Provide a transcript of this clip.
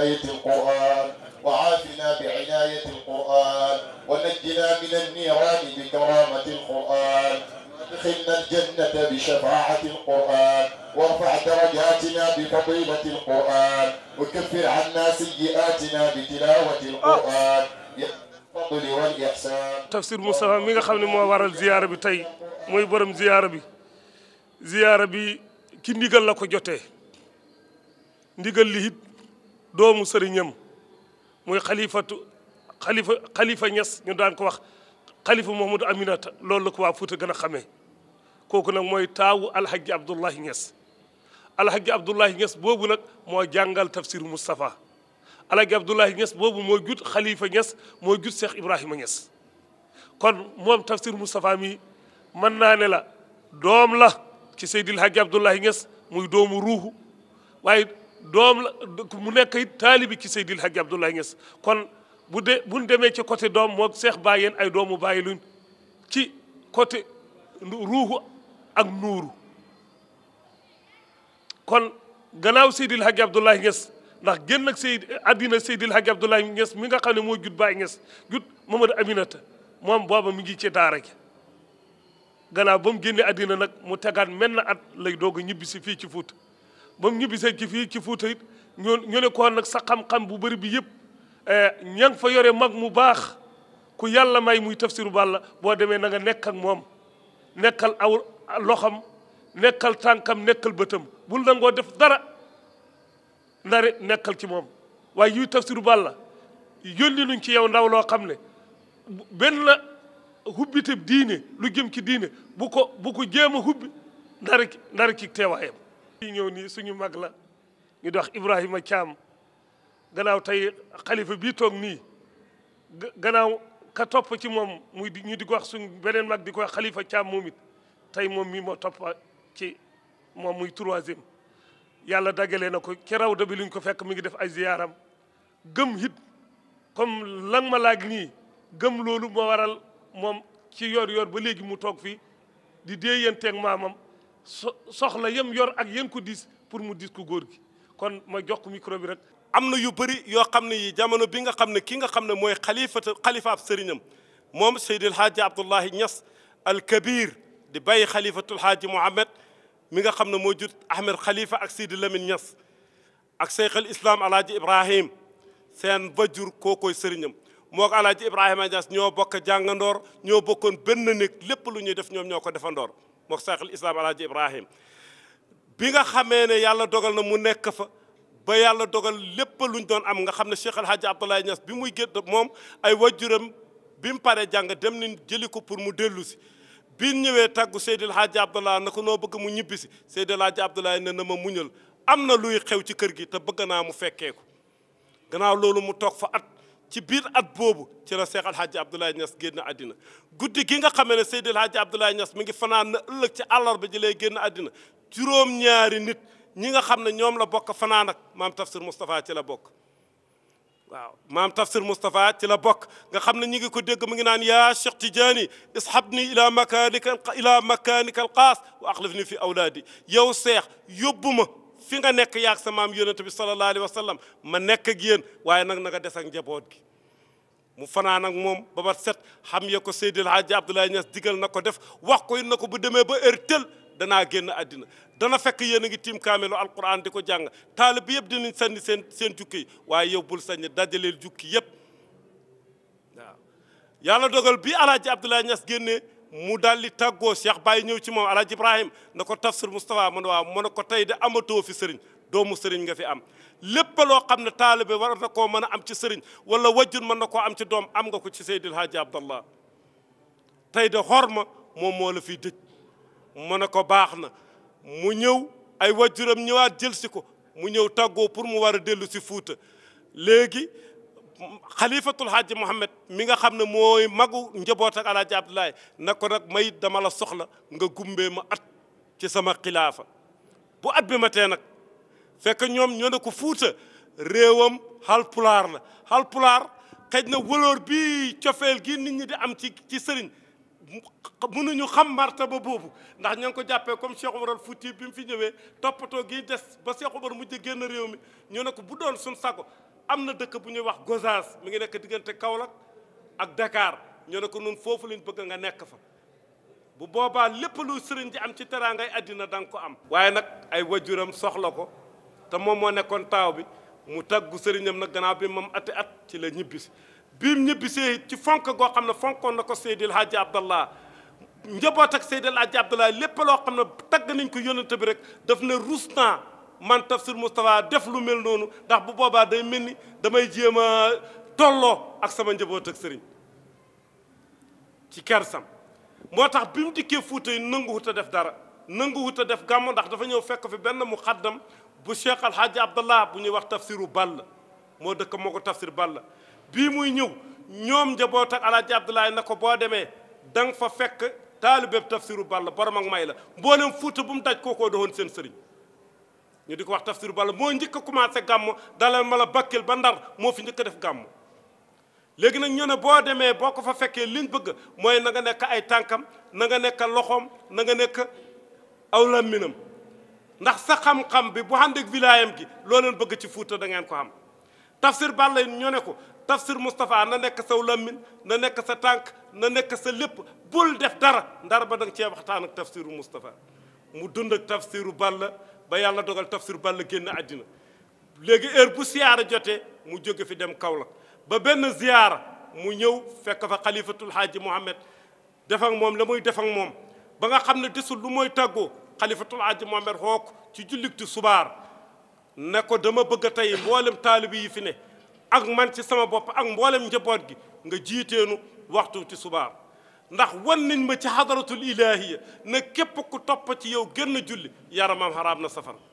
بعناية القرآن وعافنا بعناية القرآن ونجنا من النيران بكرامة القرآن ادخلنا الجنة بشفاعة القرآن وارفع درجاتنا بفضيلة القرآن وكفر عنا سيئاتنا بتلاوة القرآن بفضل والإحسان تفسير مصطفى ميغا خامني مو وارال زيارة بي تاي موي بروم زيارة بي زيارة بي كي ndigal la جوتي jotee ndigal li doomu sëriñam muy xalifatu xalifa xalifa ñes ñu daan ko wax xalifa Mouhamadou Aminata loolu la ko waa Fuuta gën a xamee kooku nag mooy taawu alhaji Abdullahi ñes alhaji Abdullahi ñes boobu nag moo jàngal tafsir Moustapha alhaji Abdullahi ñes boobu moo jut xalifa ñes moo jut Cheikh Ibrahima ñes kon moom tafsir Moustapha mi mën naa ne la doom la ci Seydil Hadji Abdoulaye Niass muy doomu ruuxu waaye doom la mu nekk it taalibi ci Seydil Hadji Abdoulaye nges kon bu de bu demee ci côté doom moo seex Ba ay doomu bàyyi luñ ci côté ruuxu ak nuuru kon gannaaw Seydil Hadji Abdoulaye nges ndax génn ak Seyd àddina Seydil Hadji Abdoulaye Niass mi nga xam ne moo jut Baye Niass jut Mamadou Aminata moom booba mi ngi ci daara gi gannaaw ba mu génne àddina nag mu tegaat menn at lay doog a fii ci Fuuta ba mu ñibbisee ci fii ci Fuuta it ñoo ñu ne nag sa xam-xam bu bëri bi yëpp eh, ña nga fa yore mag mu baax ku yàlla may muy tafsiru Balla boo demee na nga nekk moom nekkal aw loxam nekkal tànkam nekkal bëtam bul nangoo def dara ndare nekkal ci moom waaye yuy tafsiru Balla yónni nuñ ci yow ndaw loo xam ne benn hubbitib diine lu jëm ci diine bu ko bu ko jéem a hubbi ndare ndare ci teewaayam yi ñëw nii suñu mag la ñu dox Ibrahima Thiam gannaaw tey xalifa bii toog nii gannaaw ka topp ci moom muy ñu di ko wax beneen mag di ko wax xalifa Thiam moom it tey moom mii moo topp ci moom muy troisième yàlla daggalee na ko ci rawda bi luñ ko fekk mu ngi def ay ziyaaram gëm hit comme lan ma laaj nii gëm loolu moo waral moom ci yoor yoor ba léegi mu toog fi di déeyanteeg maamam soxla yam yor ak yéen ko dis pour mu dis ko gor gi kon ma jox micro bi rek. amna yu bëri yo xamne yi jamono bi nga xamne ki nga xamne moy mooy khalifa ab serignam mom sayyid al Hadji abdullah nyas al Kabir di bay bàyyi al Hadji muhammad mi nga xamne mo jut Ahmed Khalifa ak sayyid Lamine nyas ak Cheikh al Islam al Hadji Ibrahim sen bajur kookoy sëriñam. moo ko El ibrahim nyas ño bok jangandor ño ñoo ben nek lépp lu ñuy def ñom ño ko defandor mook saaxal islam alaaji ibrahim bi nga xamee ne yàlla dogal na mu nekk fa ba yàlla dogal lépp luñ doon am nga xam ne Cheikh El Hadj Abdoulaye Niass bi muy gédd moom ay wajuram bi mu jàng dem nañ jëli ko pour mu dellu bi ñëwee tàggu Seydi El Hadj Abdoulaye na bëgg mu ñibbi si Seydi El ne na ma muñal am luy xew ci kër gi te bëgg naa mu fekkee ko gannaaw loolu mu toog fa at. ci biir at boobu ci la Seex Alxaaji Abdoulaye Niass génn àddina guddi gi nga xamee ne Seydi Alxaaji Abdoulaye Niass mi ngi fanaan na ëllëg ci àllarba ji lay génn àddina juróom-ñaari nit ñi nga xam ne ñoom la bokk fanaan ak maam Tafsir Moustapha ci la bokk waaw maam Tafsir Moustapha ci la bokk nga xam ne ñi ngi ko dégg mi ngi naan yaa Cheikh Tidiane ishabni ila makanika ila makanika alxaas wa axlif fi awlaadi yow cheikh yóbbu ma fi nga nekk yaag sa maam yonent bi sallallahu alayhi wa sallam ma nekk ak yéen waaye nag na nga des ak njaboot gi mu fanaan ak moom ba bat set xam yee ko Seydil Hadji Abdoulaye Niass digal na ko def wax ko it na ko bu demee ba heure danaa génn àddina dana fekk yéen a ngi tiim kaamelu alquran di ko jàng taalib bi yëpp dinañ sànni seen seen jukki yi yow bul sànni dajaleel jukki yëpp waaw yàlla mu daal di tàggoo Cheikh Baye ñëw ci moom El Hadj Ibrahim na ko Tafsir Moustapha mu ne waaw mu ne ko tey de amatoo fi sëriñ doomu sëriñ nga fi am. lépp loo xam ne taalibe war na koo mën a am ci sëriñ wala wajjun mën na koo am ci doom am nga ko ci Seydil Hadji Abdallah tey de moom moo la fiy dëj mu ne ko baax na mu ñëw ay wajuram ñëwaat jël si ko mu ñëw tàggoo pour mu war a dellu si Fuuta léegi. xalifatul hajji Mouhamed mi nga xam ne mooy magu njaboot ak alaaji Abdoulaye na ko nag may dama la soxla nga gumbee ma at ci sama xilaafa bu at bee ma tee nag fekk ñoom ñoo ne ko fuuta réewam halpulaar la halpulaar xëj na wëloor bii cofeel gii nit ñi di am ci ci sëriñ ñu xam martaba boobu ndax ña ngi ko jàppee comme Cheikh Omar Fouti bi mu fi ñëwee toppatoo gi des ba Cheikh Omar mujj génn réew mi ñoo ne ko bu doon suñ sago am na dëkk bu ñuy wax Gosaas mu ngi nekk diggante Kaolack ak Dakar ñu ne ko nun foofu lañ bëgg nga nekk fa bu boobaa lépp lu sëriñ ji am ci teraangay àddina da nga ko am waaye nag ay wajuram soxla ko te moom moo nekkoon taaw bi mu taggu sëriñam nag gannaaw bi moom ati at ci la ñibbisi biim ñibbisee ci fonk goo xam ne fonkoon na ko Seydil Hadji Abdallah njaboot ak Seydil Hadji Abdallah lépp loo xam ne tagg nañ ko yónnante bi rek daf ne rus man Tafsir Moustapha def lu mel noonu ndax bu boobaa day mel ni damay jéem a tolloo ak sama njabootak sëriñ ci kersam moo tax bi mu dikkee Fuuta yi nanguwut a def dara nanguwut a def gàmmu ndax dafa ñëw fekk fi benn mu xaddam bu Cheikh Alhaji Abdallah bu ñuy wax tafsiru Ball moo dëkk moo ko tafsir Ball bii muy ñëw ñoom njaboot ak Alhaji Abdallah na ko boo demee dang fa fekk taalibeeb tafsiru Ball borom ak may la mboolem Fuuta bu mu daj kookoo doxoon seen sëriñ ñu di ko wax tafsir bala moo njëkk a gàmm dalal ma la bakkil ba ndar moo fi njëkk def gàmm léegi nag ñu ne boo demee boo ko fa fekkee liñ bëgg mooy na nekk ay tànkam na nga nekk loxoom na nga nekk aw làmminam ndax sa xam-xam bi bu ànd ak wilaayam gi loo leen bëgg ci fuuta da ngeen ko xam tafsir balla ñoo ne ko tafsir Moustapha na nekk saw làmmin na nekk sa tànk na nekk sa lépp bul def dara ndar ba danga cee waxtaan ak tafsiru mustafa mu dund ak tafsiru Balla ba yàlla dogal tafsiru Balla génn àddina léegi heure bu siyaara jote mu jóge fi dem Kaolack ba benn ziyaara mu ñëw fekk fa xalifatul haaji Mouhamed def ak moom la muy def ak moom ba nga xam ne desul lu mooy tàggoo xalifatul haaji Mouhamed xook ci jullit ci subaar ne dama bëgg a tey mboolem taalibi yi fi ne ak man ci sama bopp ak mboolem njaboot gi nga jiiteenu waxtu ci subaar ndax won nañ ma ci hadratul ilahiyya ne képp ku topp ci yow génn julli yaramam haram na safara